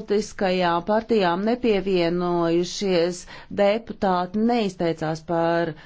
Politiskajām partijām nepievienojušies deputāti neizteicās par